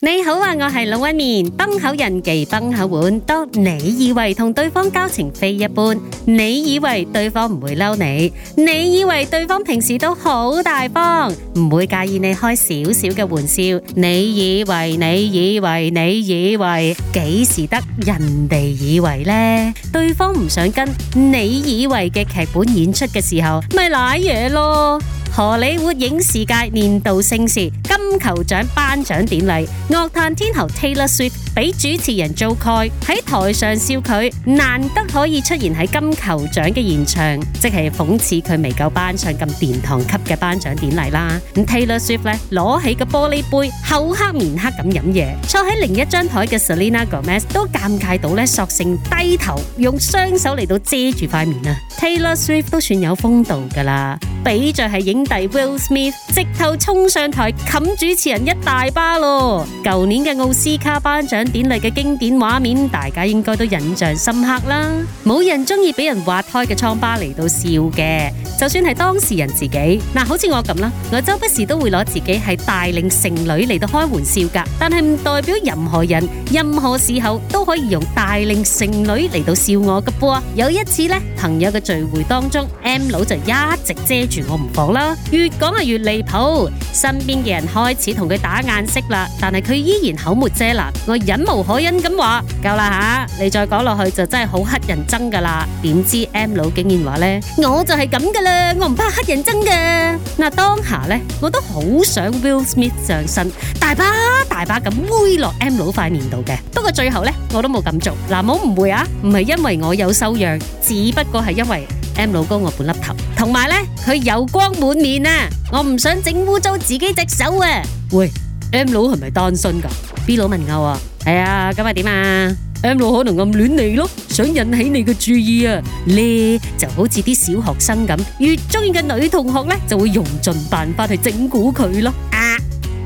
你好啊，我係老紋敏。崩口人忌崩口碗。當你以為同對方交情非一般，你以為對方唔會嬲你，你以為對方平時都好大方，唔會介意你開少少嘅玩笑，你以為你以為你以為幾時得人哋以為呢？對方唔想跟你以為嘅劇本演出嘅時候，咪瀨嘢咯。荷里活影視界年度盛事金球獎頒獎典禮，樂壇天后 Taylor Swift 俾主持人做蓋喺台上笑佢，難得可以出現喺金球獎嘅現場，即係諷刺佢未夠班上咁殿堂級嘅頒獎典禮啦。嗯、Taylor Swift 咧，攞起個玻璃杯，口黑面黑咁飲嘢，坐喺另一張台嘅 Selena Gomez 都尷尬到索性低頭用雙手嚟到遮住塊面。Taylor Swift 都算有風度噶啦，比着係影帝 Will Smith，直頭衝上台冚主持人一大巴咯。舊年嘅奧斯卡頒獎典禮嘅經典畫面，大家應該都印象深刻啦。冇人中意俾人挖開嘅瘡疤嚟到笑嘅，就算係當事人自己，嗱，好似我咁啦，我周不時都會攞自己係大齡剩女嚟到開玩笑噶，但係唔代表任何人、任何時候都可以用大齡剩女嚟到笑我嘅噃。有一次呢，朋友嘅聚會當中，M 佬就一直遮住我唔講啦，越講係越離譜。身邊嘅人開始同佢打眼色啦，但係佢依然口沒遮攔。我忍無可忍咁話：夠啦吓，你再講落去就真係好乞人憎噶啦！點知 M 佬竟然話咧：我就係咁噶啦，我唔怕乞人憎噶。嗱，當下咧，我都好想 Will Smith 上身，大把大把咁揮落 M 佬塊面度嘅。不過最後咧，我都冇咁做。嗱，冇誤會啊，唔係因為我有修養，只不過係因為。M 老公我半粒頭，同埋咧佢油光滿面啊！我唔想整污糟自己隻手啊！喂，M 佬係咪單身噶？B 佬問我。係啊，咁係點啊？M 佬可能暗戀你咯，想引起你嘅注意啊！呢就好似啲小學生咁，越中意嘅女同學咧，就會用盡辦法去整蠱佢咯。啊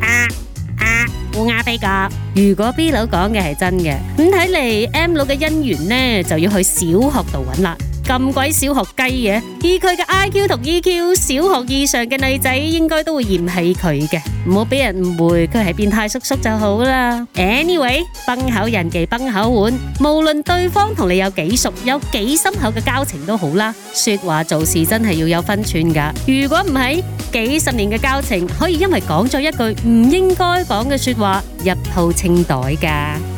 啊啊！烏鴉飛過！如果 B 佬講嘅係真嘅，咁睇嚟 M 佬嘅姻緣咧就要去小學度揾啦。咁鬼小學雞嘅、啊，以佢嘅 I Q 同 E Q，小學以上嘅女仔應該都會嫌棄佢嘅，唔好俾人誤會佢係變態叔叔就好啦。Anyway，崩口人忌崩口碗，無論對方同你有幾熟，有幾深厚嘅交情都好啦，說話做事真係要有分寸噶。如果唔係，幾十年嘅交情，可以因為講咗一句唔應該講嘅說話，一鋪清袋噶。